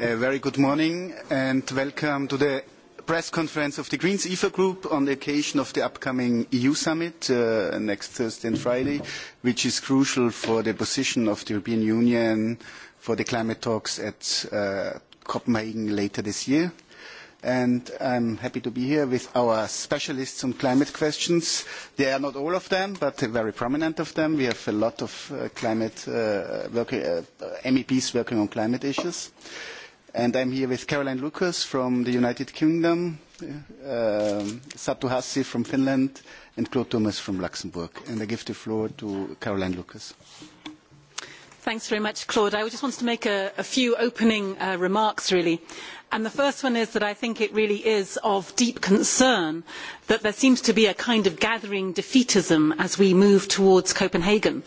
A very good morning and welcome to the press conference of the Greens EFA Group on the occasion of the upcoming EU summit uh, next Thursday and Friday, which is crucial for the position of the European Union for the climate talks at uh, Copenhagen later this year. And I'm happy to be here with our specialists on climate questions. They are not all of them, but very prominent of them. We have a lot of uh, climate uh, working, uh, MEPs working on climate issues. Uh, And I'm here with Caroline Lucas from the United Kingdom, uh, Satu Hassi from Finland, and Claude Thomas from Luxembourg. And I give the floor to Caroline Lucas. Thanks very much, Claude. I just wanted to make a, a few opening uh, remarks, really. And the first one is that I think it really is of deep concern that there seems to be a kind of gathering defeatism as we move towards Copenhagen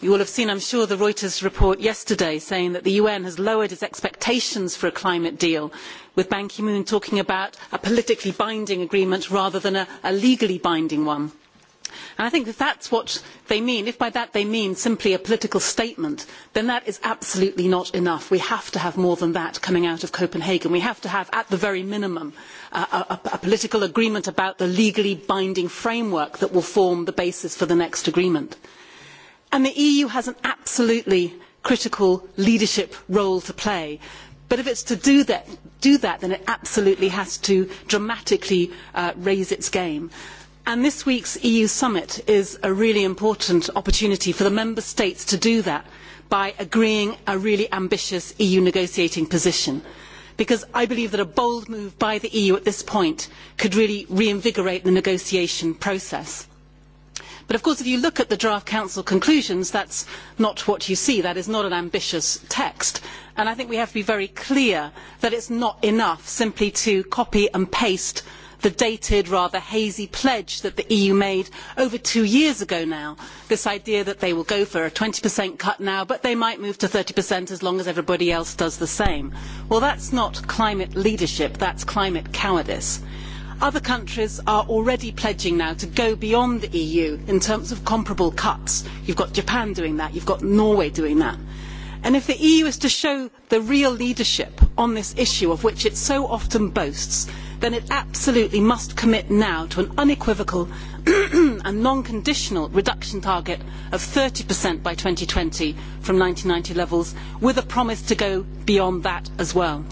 you will have seen i am sure the reuters report yesterday saying that the un has lowered its expectations for a climate deal with ban ki moon talking about a politically binding agreement rather than a, a legally binding one. And i think if that is what they mean if by that they mean simply a political statement then that is absolutely not enough. we have to have more than that coming out of copenhagen. we have to have at the very minimum a, a political agreement about the legally binding framework that will form the basis for the next agreement. And the EU has an absolutely critical leadership role to play. But if it is to do that, do that, then it absolutely has to dramatically uh, raise its game. And this week's EU summit is a really important opportunity for the member states to do that by agreeing a really ambitious EU negotiating position. Because I believe that a bold move by the EU at this point could really reinvigorate the negotiation process. But of course, if you look at the draft Council conclusions, that is not what you see. That is not an ambitious text. And I think we have to be very clear that it is not enough simply to copy and paste the dated, rather hazy pledge that the EU made over two years ago now. This idea that they will go for a 20% cut now, but they might move to 30% as long as everybody else does the same. Well, that is not climate leadership, that is climate cowardice. Other countries are already pledging now to go beyond the EU in terms of comparable cuts. You've got Japan doing that, you've got Norway doing that. And if the EU is to show the real leadership on this issue of which it so often boasts, then it absolutely must commit now to an unequivocal and non-conditional reduction target of 30% by twenty from ninety levels, with a promise to go beyond that as well.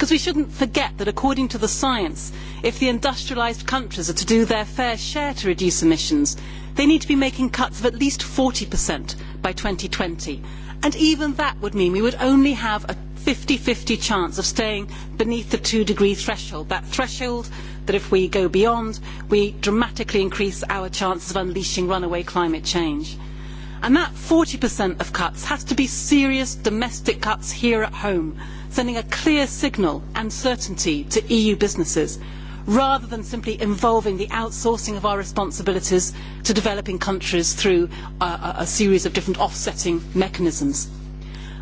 Because we shouldn't forget that according to the science, if the industrialised countries are to do their fair share to reduce emissions, they need to be making cuts of at least 40% by twenty, And even that would mean we would only have a fifty fifty chance of staying beneath the two degree threshold, that threshold that if we go beyond, we dramatically increase our chances of unleashing runaway climate change. And that 40% of cuts has to be serious domestic cuts here at home sending a clear signal and certainty to EU businesses, rather than simply involving the outsourcing of our responsibilities to developing countries through a, a series of different offsetting mechanisms.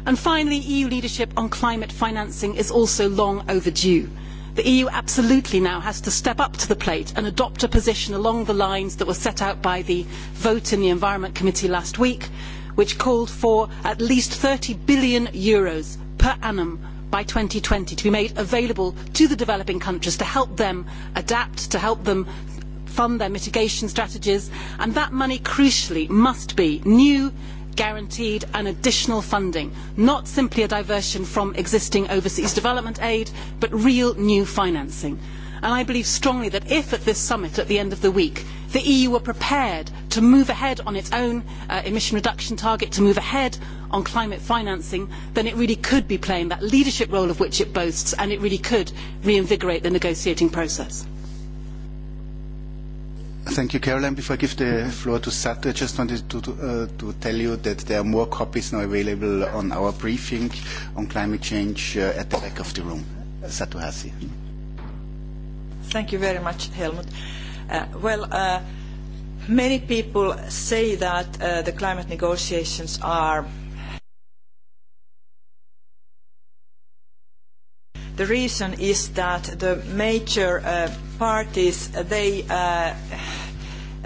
And finally, EU leadership on climate financing is also long overdue. The EU absolutely now has to step up to the plate and adopt a position along the lines that were set out by the vote in the Environment Committee last week, which called for at least EUR thirty billion Euros per annum by two thousand and twenty to be made available to the developing countries to help them adapt, to help them fund their mitigation strategies. And that money, crucially, must be new, guaranteed and additional funding, not simply a diversion from existing overseas development aid, but real new financing. And I believe strongly that if at this summit at the end of the week the EU were prepared to move ahead on its own uh, emission reduction target, to move ahead on climate financing, then it really could be playing that leadership role of which it boasts and it really could reinvigorate the negotiating process. Thank you, Caroline. Before I give the floor to Satu, I just wanted to, uh, to tell you that there are more copies now available on our briefing on climate change uh, at the back of the room. Satu Hassi. Thank you very much, Helmut. Uh, well, uh, many people say that uh, the climate negotiations are The reason is that the major uh, parties, they uh,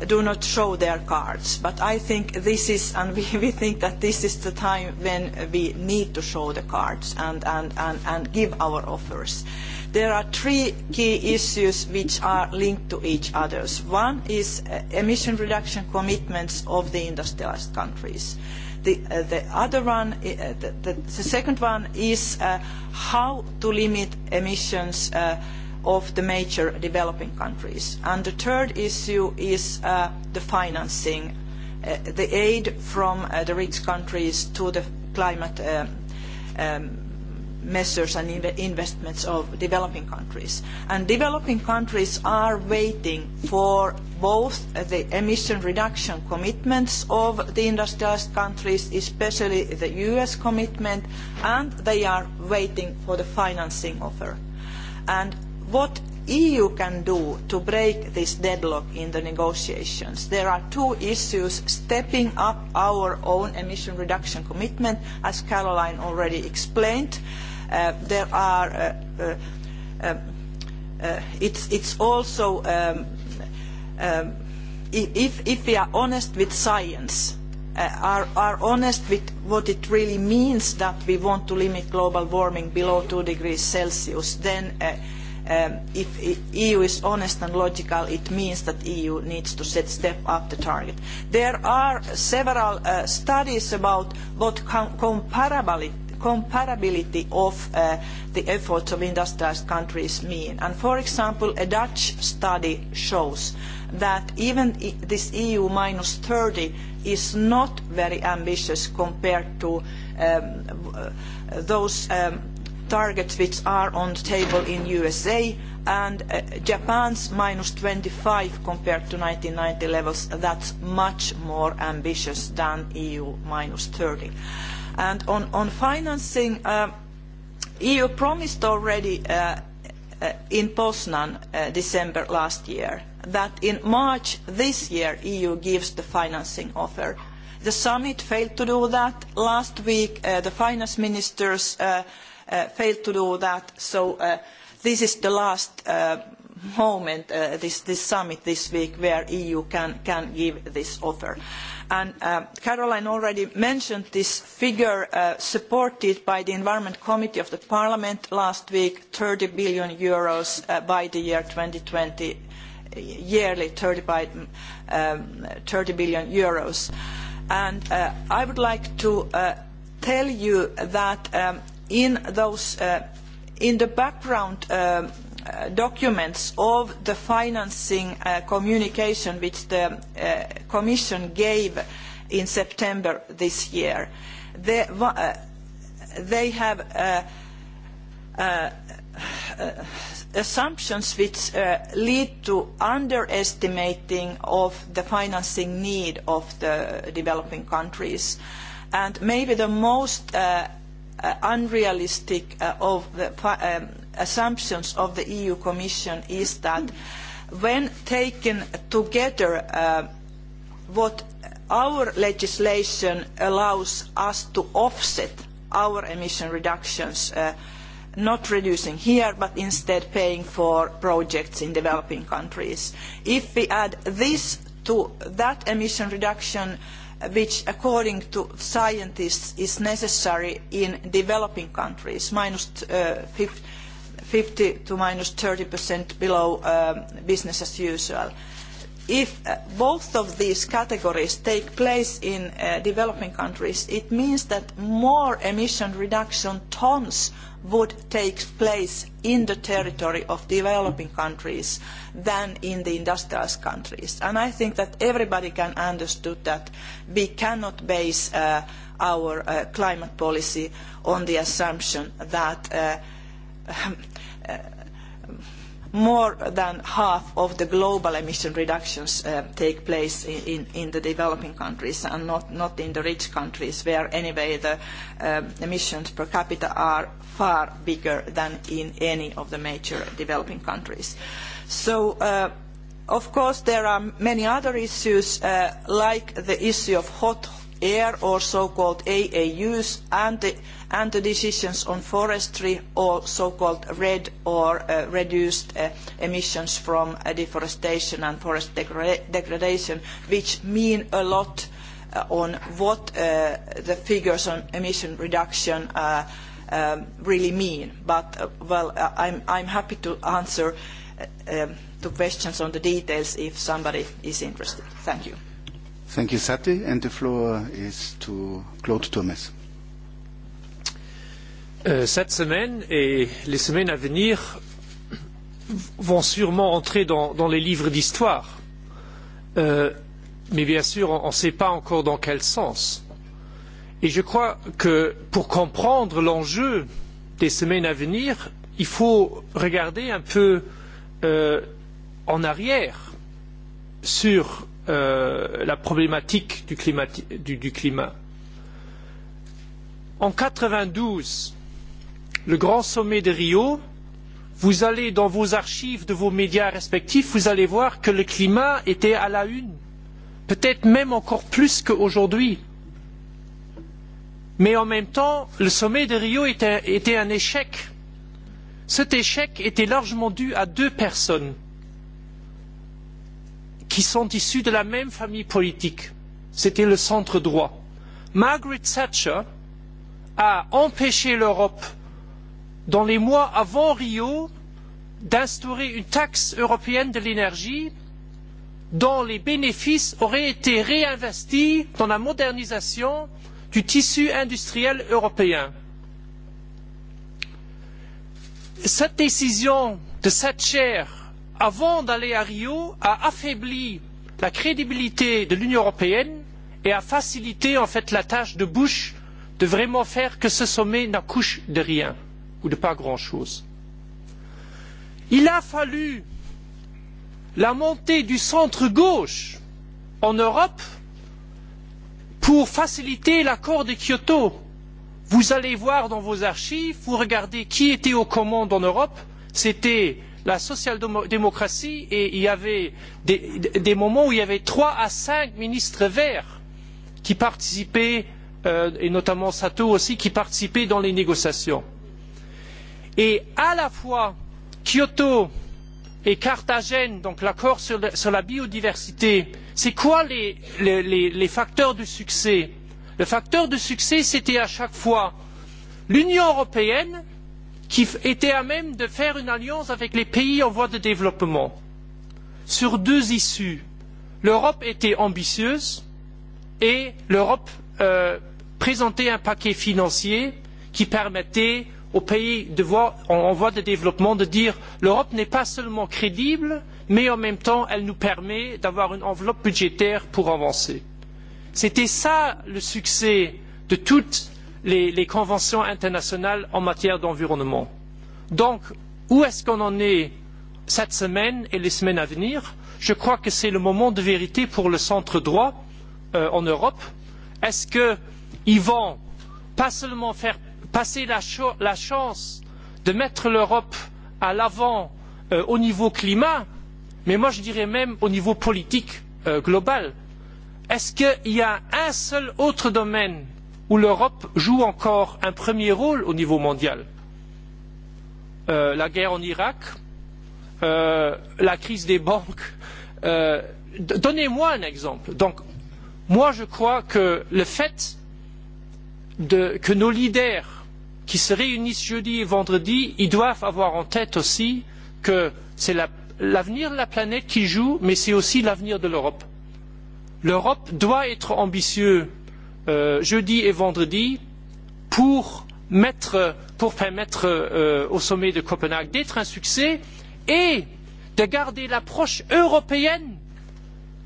do not show their cards. But I think this is, and we, we think that this is the time when we need to show the cards and, and, and, and give our offers. Uh, There are three key issues which are linked to each other. One is uh, emission reduction commitments of the industrialised countries. The, uh, the other one, uh, the, the, the second one is uh, how to limit emissions uh, of the major developing countries. And the third issue is uh, the financing, uh, the aid from uh, the rich countries to the climate um, um, measures and investments of developing countries. And developing countries are waiting for both the emission reduction commitments of the industrialised countries, especially the US commitment, and they are waiting for the financing offer. And what the EU can do to break this deadlock in the negotiations. There are two issues, stepping up our own emission reduction commitment, as Caroline already explained, uh, Uh, there are uh, uh, it's, it's also um, um, if, if we are honest with science uh, are, are honest with what it really means that we want to limit global warming below two degrees Celsius, then uh, um, if the EU is honest and logical, it means that the EU needs to set step up the target. There are several uh, studies about what com comparability comparability of uh, the efforts of industrialised countries mean. And for example, a Dutch study shows that even e, this EU minus 30 is not very ambitious compared to um, uh, those um, targets which are on the table in USA and uh, Japan's minus 25 compared to 1990 levels, that's much more ambitious than EU minus 30. And on, financing, the um, EU promised already uh, uh, in Poznan uh, December last year that in March this year EU gives the financing offer. The summit failed to do that. Last week uh, the finance ministers uh, uh, failed to do that. So uh, this is the last uh, moment, uh, this, this summit this week, where EU can, can give this offer. Uh, and uh, caroline already mentioned this figure uh, supported by the environment committee of the parliament last week eur thirty billion uh, by the year two thousand and twenty yearly eur um, thirty billion And, i would like to tell you that um, in, those, in the background um, Uh, documents of the financing uh, communication which the uh, Commission gave in September this year. They, they have assumptions which uh, lead to underestimating of the financing need of the developing countries. And maybe the most uh, unrealistic uh, of the um, assumptions of the EU Commission is that when taken together, uh, what our legislation allows us to offset our emission reductions, uh, not reducing here, but instead paying for projects in developing countries. If we add this to that emission reduction, which according to scientists is necessary in developing countries, minus uh, 50, 50 to minus 30% below um, business as usual. If uh, both of these categories take place in uh, developing countries, it means that more emission reduction tons would take place in the territory of developing countries than in the industrialized countries. I think that everybody can understand that we cannot base uh, our climate policy on the assumption that Uh, more than half of the global emission reductions uh, take place in, in, in, the developing countries and not, not, in the rich countries where anyway the um, emissions per capita are far bigger than in any of the major developing countries. So uh, of course there are many other issues uh, like the issue of hot air or so-called AAUs and the and the decisions on forestry or so-called red or uh, reduced uh, emissions from uh, deforestation and forest degra degradation, which mean a lot uh, on what uh, the figures on emission reduction uh, um, really mean. But, well, I'm, I'm happy to answer um, to questions on the details if somebody is interested. Thank you. Thank you, Sati. And the floor is to Claude Thomas. Euh, cette semaine et les semaines à venir vont sûrement entrer dans, dans les livres d'histoire. Euh, mais bien sûr, on ne sait pas encore dans quel sens. Et je crois que pour comprendre l'enjeu des semaines à venir, il faut regarder un peu euh, en arrière sur euh, la problématique du, climat, du, du climat. En quatre-vingt-douze le grand sommet de Rio, vous allez dans vos archives de vos médias respectifs, vous allez voir que le climat était à la une, peut-être même encore plus qu'aujourd'hui. Mais en même temps, le sommet de Rio était, était un échec. Cet échec était largement dû à deux personnes qui sont issues de la même famille politique. C'était le centre droit. Margaret Thatcher a empêché l'Europe dans les mois avant Rio, d'instaurer une taxe européenne de l'énergie dont les bénéfices auraient été réinvestis dans la modernisation du tissu industriel européen. Cette décision de Thatcher avant d'aller à Rio a affaibli la crédibilité de l'Union européenne et a facilité en fait la tâche de Bush de vraiment faire que ce sommet n'accouche de rien ou de pas grand-chose. Il a fallu la montée du centre-gauche en Europe pour faciliter l'accord de Kyoto. Vous allez voir dans vos archives, vous regardez qui était aux commandes en Europe, c'était la social-démocratie et il y avait des, des, moments où il y avait trois à cinq ministres verts qui participaient, euh, et notamment Sato aussi, qui participaient dans les négociations et à la fois Kyoto et Carthagène, donc l'accord sur, sur, la biodiversité, c'est quoi les, les, les, facteurs de succès Le facteur de succès, c'était à chaque fois l'Union européenne qui était à même de faire une alliance avec les pays en voie de développement sur deux issues. L'Europe était ambitieuse et l'Europe euh, présentait un paquet financier qui permettait aux pays de voie, en, voie de développement de dire l'Europe n'est pas seulement crédible, mais en même temps elle nous permet d'avoir une enveloppe budgétaire pour avancer. C'était cela le succès de toutes les, les conventions internationales en matière d'environnement. Donc, où est-ce qu'on en est cette semaine et les semaines à venir Je crois que c'est le moment de vérité pour le centre droit euh, en Europe. Est-ce qu'ils vont pas seulement faire passer la, ch la chance de mettre l'Europe à l'avant euh, au niveau climat, mais moi je dirais même au niveau politique euh, global. Est-ce qu'il y a un seul autre domaine où l'Europe joue encore un premier rôle au niveau mondial euh, La guerre en Irak, euh, la crise des banques. Euh, donnez-moi un exemple. Donc, moi je crois que le fait de, que nos leaders qui se réunissent jeudi et vendredi, ils doivent avoir en tête aussi que c'est l'avenir la, de la planète qui joue, mais c'est aussi l'avenir de l'Europe. L'Europe doit être ambitieuse euh, jeudi et vendredi pour, mettre, pour permettre euh, au sommet de Copenhague d'être un succès et de garder l'approche européenne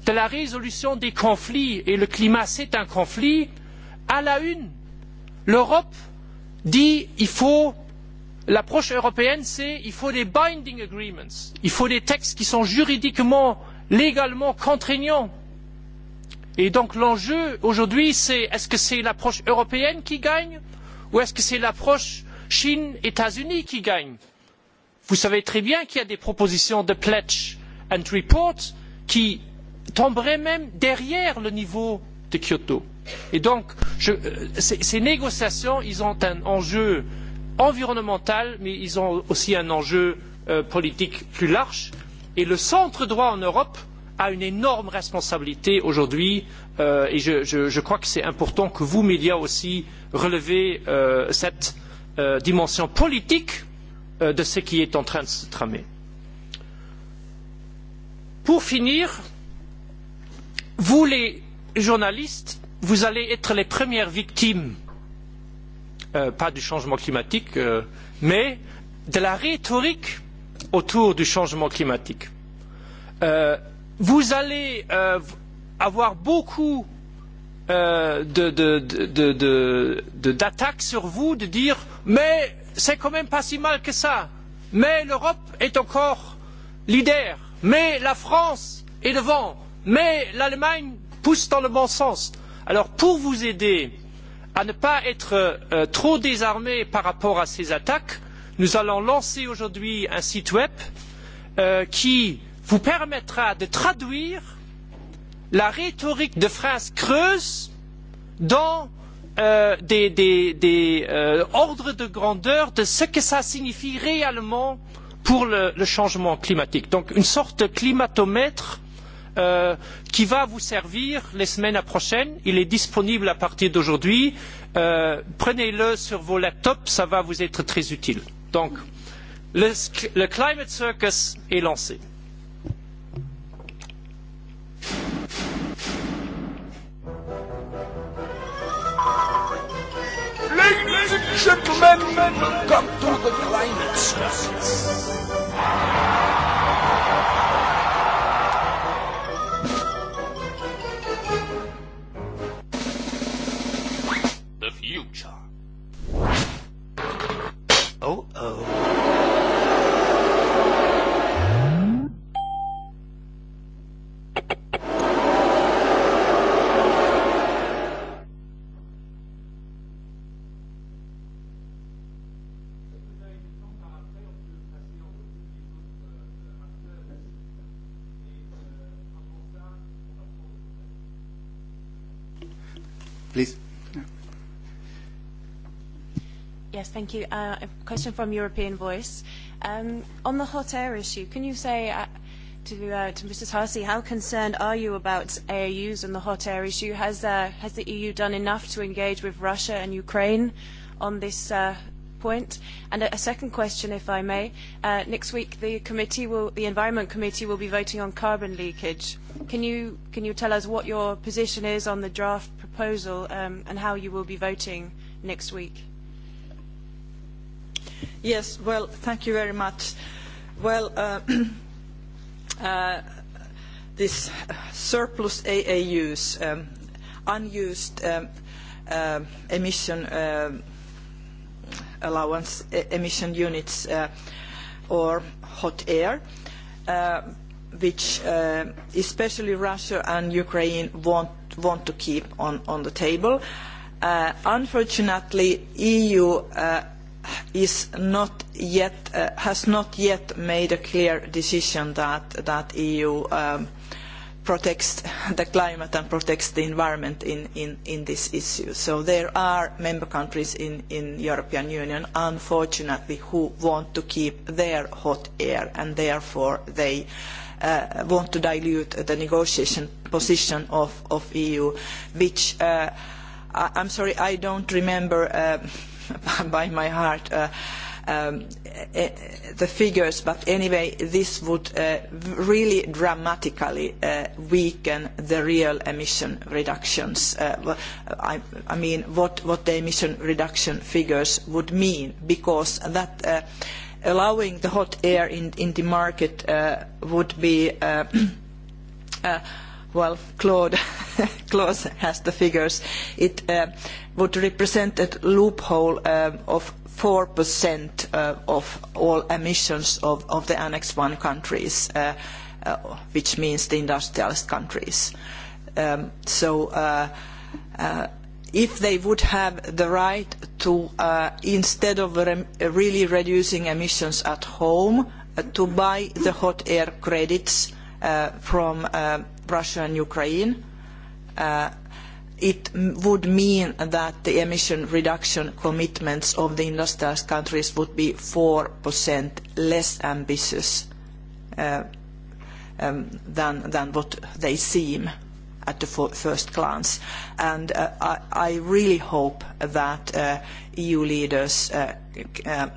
de la résolution des conflits et le climat c'est un conflit à la une l'Europe dit il faut l'approche européenne c'est il faut des binding agreements il faut des textes qui sont juridiquement légalement contraignants et donc l'enjeu aujourd'hui c'est est ce que c'est l'approche européenne qui gagne ou est ce que c'est l'approche chine états unis qui gagne? vous savez très bien qu'il y a des propositions de pledge and report qui tomberaient même derrière le niveau de kyoto. Et donc, je, euh, ces, négociations, ils ont un enjeu environnemental, mais ils ont aussi un enjeu euh, politique plus large. Et le centre droit en Europe a une énorme responsabilité aujourd'hui, euh, et je, je, je, crois que c'est important que vous, médias aussi, relevez euh, cette euh, dimension politique euh, de ce qui est en train de se tramer. Pour finir, vous les journalistes, vous allez être les premières victimes, euh, pas du changement climatique, euh, mais de la rhétorique autour du changement climatique. Euh, vous allez euh, avoir beaucoup euh, d'attaques sur vous, de dire mais c'est quand même pas si mal que ça, mais l'Europe est encore leader, mais la France est devant, mais l'Allemagne pousse dans le bon sens. Euh, alors pour vous aider à ne pas être euh, euh, trop désarmés par rapport à ces attaques nous allons lancer aujourd'hui un site web euh, qui vous permettra de traduire la rhétorique de phrases creuses dans euh, des, des, des euh, ordres de grandeur de ce que cela signifie réellement pour le, le changement climatique. Donc une sorte de climatomètre Euh, qui va vous servir les semaines prochaines. Il est disponible à partir d'aujourd'hui. Euh, Prenez-le sur vos laptops, ça va vous être très utile. Donc, le, le Climate Circus est lancé. Ladies and gentlemen, welcome to the Climate Circus. Oh, oh. Yes, thank you. Uh, a question from European Voice. Um, on the hot air issue, can you say uh, to, uh, to Mrs. Harsey, how concerned are you about AAUs and the hot air issue? Has, uh, has the EU done enough to engage with Russia and Ukraine on this uh, point? And a, a second question, if I may. Uh, next week, the committee will, the Environment Committee will be voting on carbon leakage. Can you, can you tell us what your position is on the draft proposal um, and how you will be voting next week? Yes, well, thank you very much. Well, uh, uh, this surplus AAUs, um, unused um, uh, emission uh, allowance, e, emission units, uh, or hot air, uh, which especially Russia and Ukraine want, want to keep on, on the table. Unfortunately, EU is not yet, uh, has not yet made a clear decision that, the EU um, protects the climate and protects the environment in, this issue. So there are member countries in the European Union, unfortunately, who want to keep their hot air and therefore they uh, want to dilute the negotiation position of, the EU, which uh, I, I'm sorry, I don't remember by my heart uh, um, eh, eh, the figures, but anyway, this would uh, really dramatically uh, weaken the real emission reductions. Uh, I, I, mean, what, what, the emission reduction figures would mean, because that uh, allowing the hot air in, in the market uh, would be, uh, well, Claude. clause has the figures, it uh, would represent a loophole um, of 4% uh, of all emissions of, of the Annex I countries, uh, which means the industrialised countries. Um, so if they would have the right to, uh, instead of really reducing emissions at home, uh, to buy the hot air credits uh, from Russia and Ukraine, Uh, it would mean that the emission reduction commitments of the industrialised countries would be 4% less ambitious uh, um, than, than, what they seem at the first glance. And uh, I, I, really hope that uh, EU leaders uh, uh,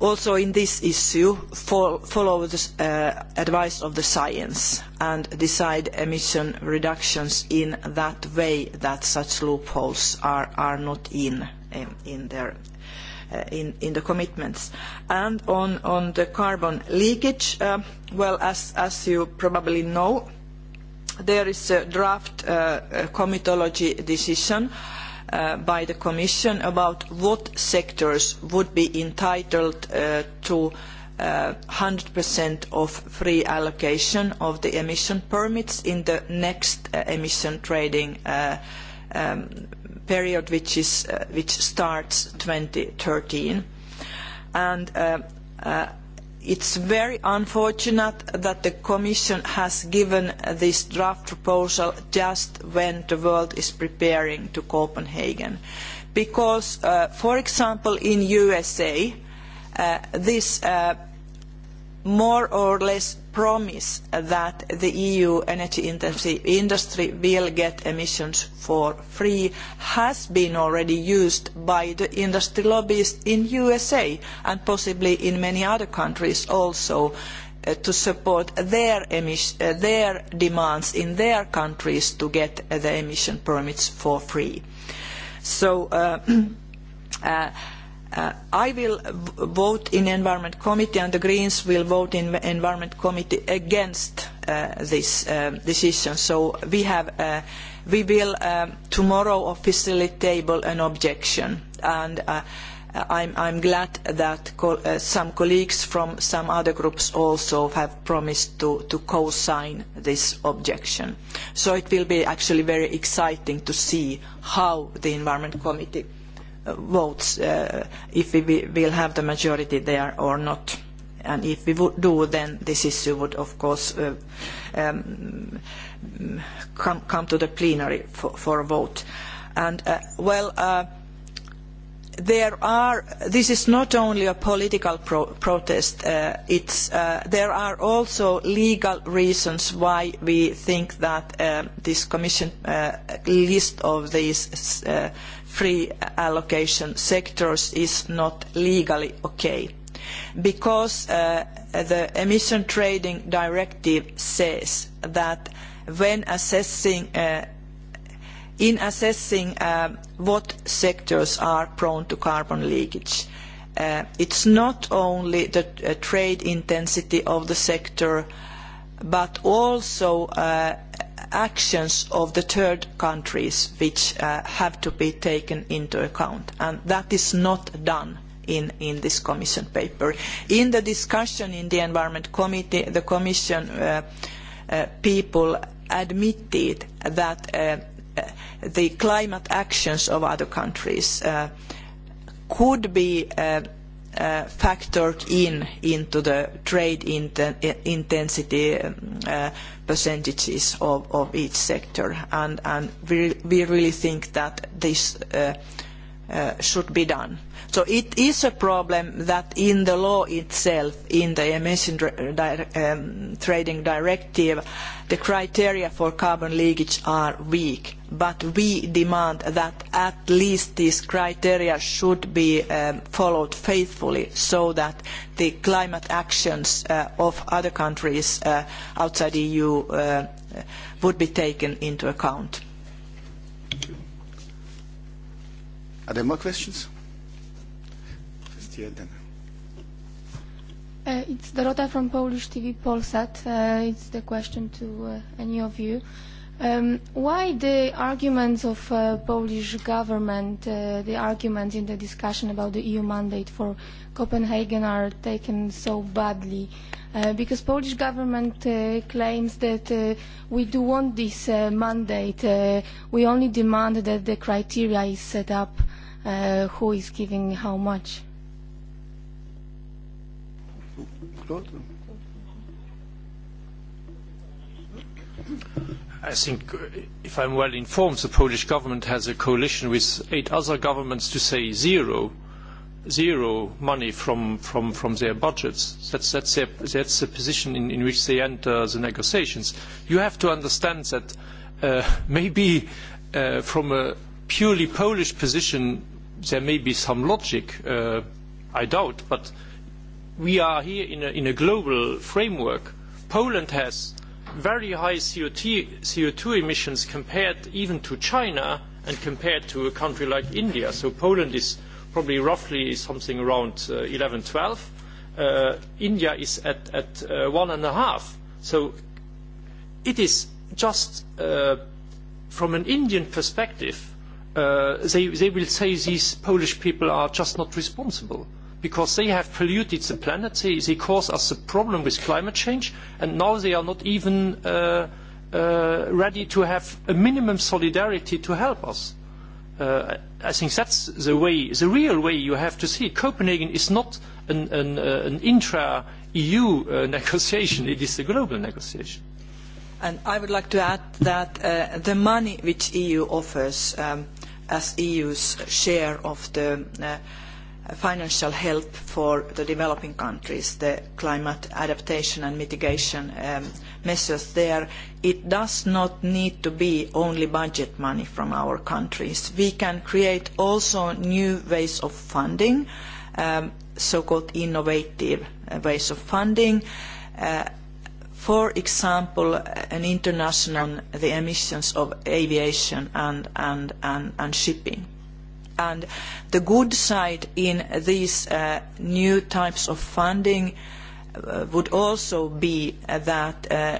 also in this issue follow the uh, advice of the science and decide emission reductions in that way that such loopholes are, are not in, in, their, uh, in, in, the commitments. And on, on the carbon leakage, uh, well, as, as you probably know, there is a draft uh, comitology decision uh, Uh, by the Commission about what sectors would be entitled uh, to one uh, 100% of free allocation of the emission permits in the next uh, emission trading uh, um, period, which, is, uh, which starts 2013. And, uh, It is very unfortunate that the Commission has given this draft proposal just when the world is preparing for Copenhagen. Because, uh, for example, in the USA, uh, this uh, more or less promise that the EU energy industry will get emissions for free has been already used by the industry lobbyists in the USA and possibly in many other countries also uh, to support their, uh, their, demands in their countries to get uh, the emission permits for free. So uh, uh, Uh, I will vote in Environment Committee and the Greens will vote in Environment Committee against uh, this uh, decision. So we, have, uh, we will um, tomorrow officially table an objection. And uh, I'm, I'm glad that co some colleagues from some other groups also have promised to, to co-sign this objection. So it will be actually very exciting to see how the Environment Committee votes uh, if we will have the majority there or not. And if we would do, then this issue would, of course, uh, um, come, come to the plenary for, for a vote. And, uh, well, Are, this is not only a political pro protest, uh, uh, there are also legal reasons why we think that uh, this Commission uh, list of these uh, free allocation sectors is not legally okay. Because uh, the Emission Trading Directive says that when assessing in assessing uh, what sectors are prone to carbon leakage. Uh, it is not only the uh, trade intensity of the sector, but also actions of the third countries which have to be taken into account. And that is not done in, in this Commission paper. In the discussion in the Environment Committee, the Commission people admitted that uh, Uh, the climate actions of other countries uh, could be uh, uh, factored in into the trade intensity um, uh, percentages of, of each sector. and, and we, we really think that this uh, Uh, should be done. So it is a problem that in the law itself, in the emission di um, trading directive, the criteria for carbon leakage are weak. But we demand that at least these criteria should be um, followed faithfully so that the climate actions uh, of other countries uh, outside the EU uh, would be taken into account. Are there more questions? Uh, it's Dorota from Polish TV Polsat. Uh, it's the question to uh, any of you. Um, why the arguments of uh, Polish government, uh, the arguments in the discussion about the EU mandate for Copenhagen are taken so badly? Uh, because Polish government uh, claims that uh, we do want this uh, mandate. Uh, we only demand that the criteria is set up uh, uh, who is giving how much. I think, uh, if I'm well informed, the Polish government has a coalition with eight other governments to say zero, zero money from, from, from their budgets. That's, that's, their, that's the position in, in which they enter the negotiations. You have to understand that uh, maybe uh, from a purely Polish position, there may be some logic, uh, I doubt, but we are here in a, in a global framework. Poland has very high co two emissions compared even to China and compared to a country like India. So Poland is probably roughly something around uh, eleven uh, twelve. Uh, India is at, at uh, one and a half. So it is just uh, from an Indian perspective, Uh, they, they, will say these Polish people are just not responsible because they have polluted the planet, they, they cause us a problem with climate change, and now they are not even uh, uh, ready to have a minimum solidarity to help us. Uh, I think that's the way, the real way you have to see it. Copenhagen is not an, an, uh, an intra-EU uh, negotiation, it is a global negotiation. And I would like to add that uh, the money which the EU offers um, as EU's share of the uh, financial help for the developing countries, the climate adaptation and mitigation um, measures there, it does not need to be only budget money from our countries. We can create also new ways of funding, um, so-called innovative uh, ways of funding, uh, for example, an international on the emissions of aviation and, and, and, and shipping. And the good side in these uh, new types of funding uh, would also be uh, that uh,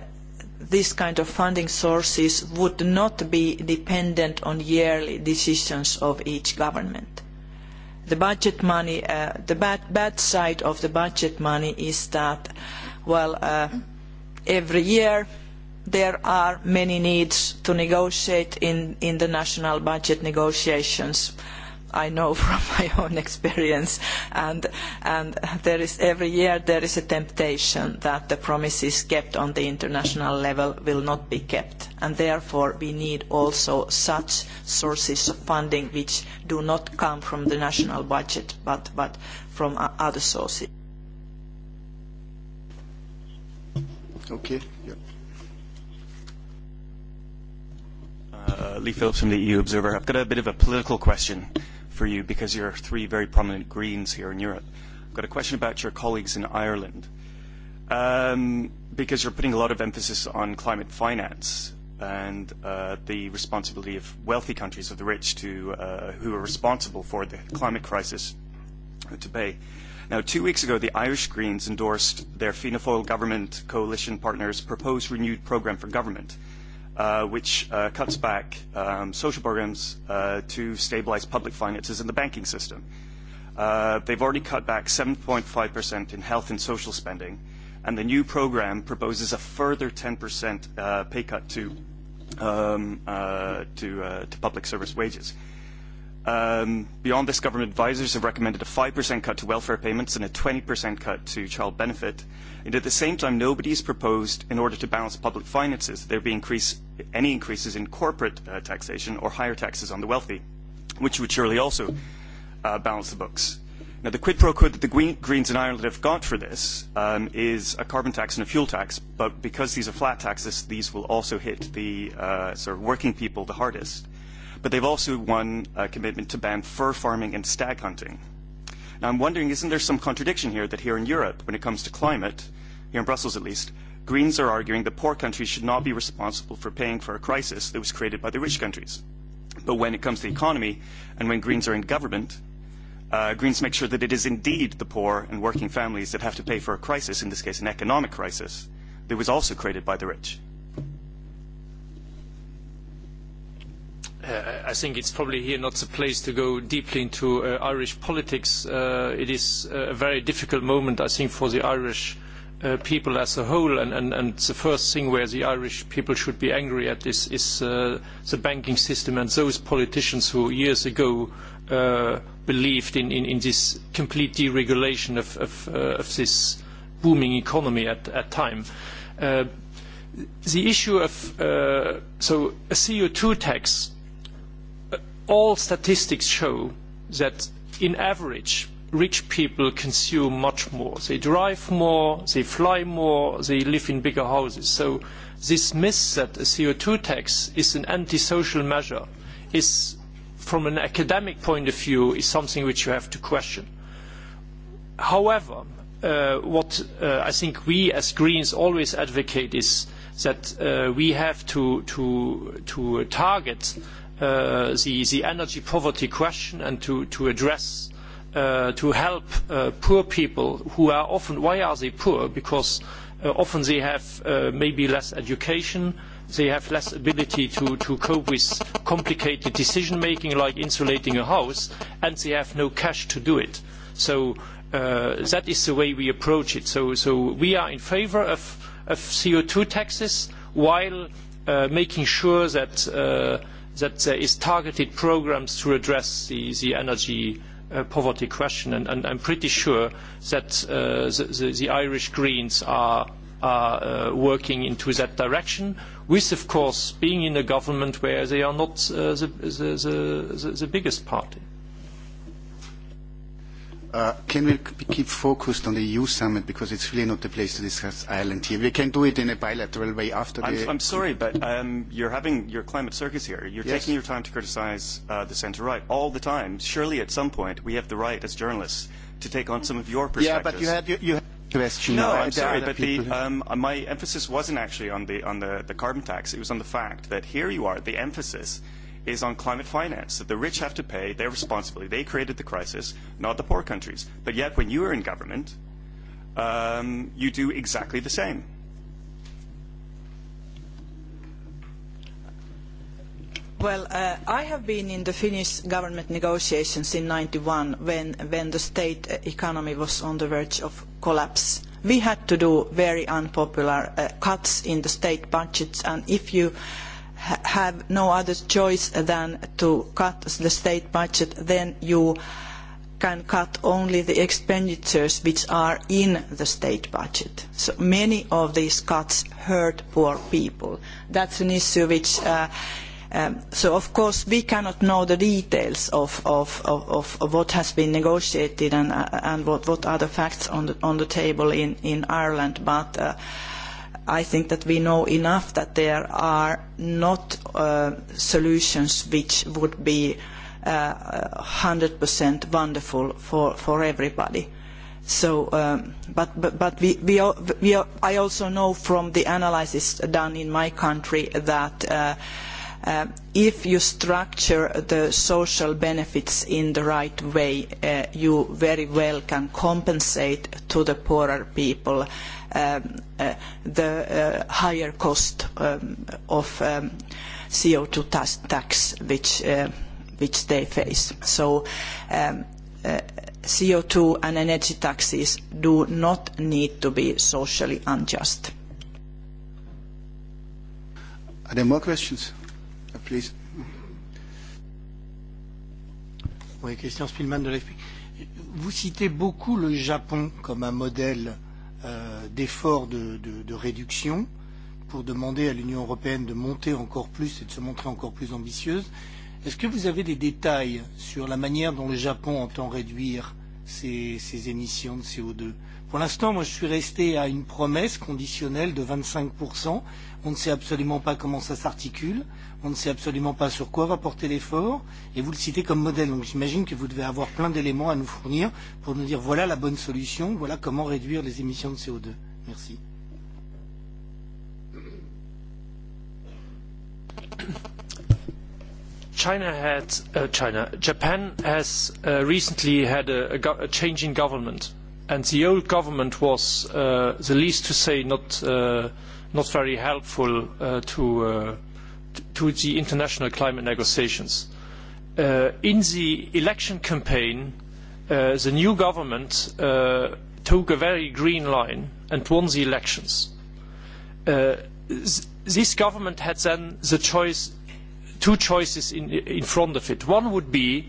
these kind of funding sources would not be dependent on yearly decisions of each government. The budget money, uh, the bad, bad side of the budget money is that, well, uh, every year there are many needs to negotiate in, in the national budget negotiations. I know from my own experience, and, and there is, every year there is a temptation that the promises kept on the international level will not be kept, and therefore we need also such sources of funding which do not come from the national budget, but, but from other sources. Okay. Uh, Lee Phillips from the EU Observer. I've got a bit of a political question for you because you're three very prominent Greens here in Europe. I've got a question about your colleagues in Ireland um, because you're putting a lot of emphasis on climate finance and uh, the responsibility of wealthy countries, of the rich, to uh, who are responsible for the climate crisis to pay. Uh, Now, two weeks ago, the Irish Greens endorsed their Fianna Fáil government coalition partners' proposed renewed programme for government, uh, which uh, cuts back um, social programmes uh, to stabilise public finances in the banking system. Uh, they've already cut back 7.5% in health and social spending, and the new programme proposes a further 10% uh, pay cut to, um, uh, to, uh, to public service wages. Uh, Um, beyond this, government advisers have recommended a 5% cut to welfare payments and a 20% cut to child benefit. And at the same time, nobody has proposed, in order to balance public finances, there be increase, any increases in corporate uh, taxation or higher taxes on the wealthy, which would surely also uh, balance the books. Now, the quid pro quo that the Greens in Ireland have got for this um, is a carbon tax and a fuel tax, but because these are flat taxes, these will also hit the uh, sort of working people the hardest but they've also won a commitment to ban fur farming and stag hunting. Now, I'm wondering, isn't there some contradiction here that here in Europe, when it comes to climate, here in Brussels at least, Greens are arguing that poor countries should not be responsible for paying for a crisis that was created by the rich countries. But when it comes to the economy and when Greens are in government, uh, Greens make sure that it is indeed the poor and working families that have to pay for a crisis, in this case an economic crisis, that was also created by the rich. Uh, I think it's probably here not the place to go deeply into uh, Irish politics. Uh, it is uh, a very difficult moment, I think, for the Irish uh, people as a whole. And, and, and, the first thing where the Irish people should be angry at is, is the banking system and those politicians who years ago believed in, in, in, this complete deregulation of, of, of this booming economy at, at time the issue of uh, so a CO2 tax all statistics show that on average rich people consume much more. They drive more, they fly more, they live in bigger houses. So this myth that a co two tax is an antisocial measure is, from an academic point of view, is something which you have to question. However, uh, what uh, I think we as Greens always advocate is that uh, we have to, to, to target uh, uh, the, the energy poverty question and to, to address uh, to help uh, poor people who are often why are they poor because uh, often they have uh, maybe less education they have less ability to, to cope with complicated decision making like insulating a house and they have no cash to do it so uh, that is the way we approach it so, so we are in favour of, of co two taxes while uh, making sure that uh, that there is targeted programmes to address the, the energy uh, poverty question, and, and I'm pretty sure that uh, the, the, the Irish Greens are, are uh, working into that direction, with, of course, being in a government where they are not uh, the, the, the, the biggest party. Uh, can we keep focused on the EU summit because it's really not the place to discuss Ireland here. We can do it in a bilateral way after I'm, the. I'm sorry, but um, you're having your climate circus here. You're yes. taking your time to criticize uh, the centre right all the time. Surely, at some point, we have the right as journalists to take on some of your perspectives. Yeah, but you had you. you had Question. No, I'm sorry, but the, um, my emphasis wasn't actually on the on the, the carbon tax. It was on the fact that here you are. The emphasis is on climate finance, that the rich have to pay their responsibility. They created the crisis, not the poor countries. But yet, when you are in government, um, you do exactly the same. Well, uh, I have been in the Finnish government negotiations in ninety one when, when the state uh, economy was on the verge of collapse. We had to do very unpopular uh, cuts in the state budgets, and if you uh, have no other choice than to cut the state budget, then you can cut only the expenditures which are in the state budget. So many of these cuts hurt poor people. That is an issue which, uh, um, so of course we cannot know the details of, of, of, of what has been negotiated and, uh, and what, what, are the facts on the, on the table in, in Ireland, but uh, i think that we know enough that there are not uh, solutions which would be uh, 100% wonderful for, for everybody. So, um, but, but, but we, we, we, I also know from the analysis done in my country that uh, Uh, if you structure the social benefits in the right way, uh, you very well can compensate to the poorer people um, uh, the uh, higher cost um, of um, co two tax which, uh, which, they face. So um, co two and energy taxes do not need to be socially unjust. Are there more questions? please. Oui, Christian Spielmann de l'AFP. Vous citez beaucoup le Japon comme un modèle euh, d'effort de, de, de réduction pour demander à l'Union européenne de monter encore plus et de se montrer encore plus ambitieuse. Est-ce que vous avez des détails sur la manière dont le Japon entend réduire ses, ses émissions de CO2 Pour l'instant, moi, je suis resté à une promesse conditionnelle de 25%. On ne sait absolument pas comment ça s'articule. On ne sait absolument pas sur quoi va porter l'effort. Et vous le citez comme modèle. Donc, j'imagine que vous devez avoir plein d'éléments à nous fournir pour nous dire voilà la bonne solution, voilà comment réduire les émissions de CO2. Merci. China uh, China, Japan has uh, recently had a, a, a change in government and the old government was, uh, the least to say, not, uh, not very helpful uh, to, uh, to, the international climate negotiations. Uh, in the election campaign, uh, the new government took a very green line and won the elections. Th this government had then the choice, two choices in, in front of it. One would be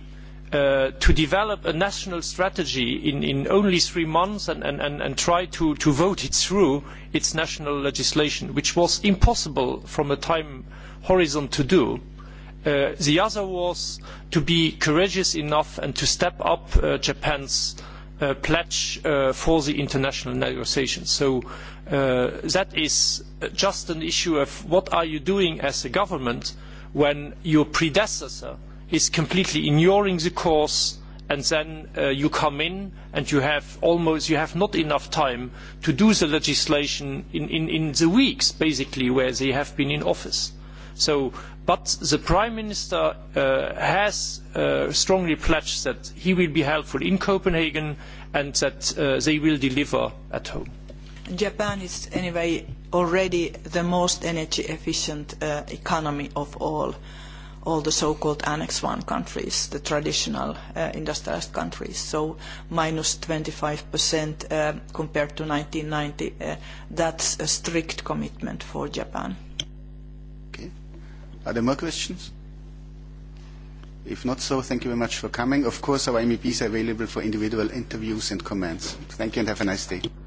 Uh, to develop a national strategy in, in only three months and, and, and try to, to, vote it through its national legislation, which was impossible from a time horizon to do. Uh, the other was to be courageous enough and to step up uh, Japan's uh, pledge uh, for the international negotiations. So uh, that is just an issue of what are you doing as a government when your predecessor uh, is completely ignoring the course and then uh, you come in and you have almost you have not enough time to do the legislation in, in, in the weeks basically where they have been in office. So, but the Prime Minister uh, has uh, strongly pledged that he will be helpful in Copenhagen and that uh, they will deliver at home. Japan is anyway already the most energy efficient uh, economy of all. Uh, all the so-called Annex I countries, the traditional uh, industrialized countries, so minus 25% uh, compared to 1990. Uh, that's a strict commitment for Japan. Okay. Are there more questions? If not so, thank you very much for coming. Of course, our MEPs are available for individual interviews and comments. Thank you and have a nice day.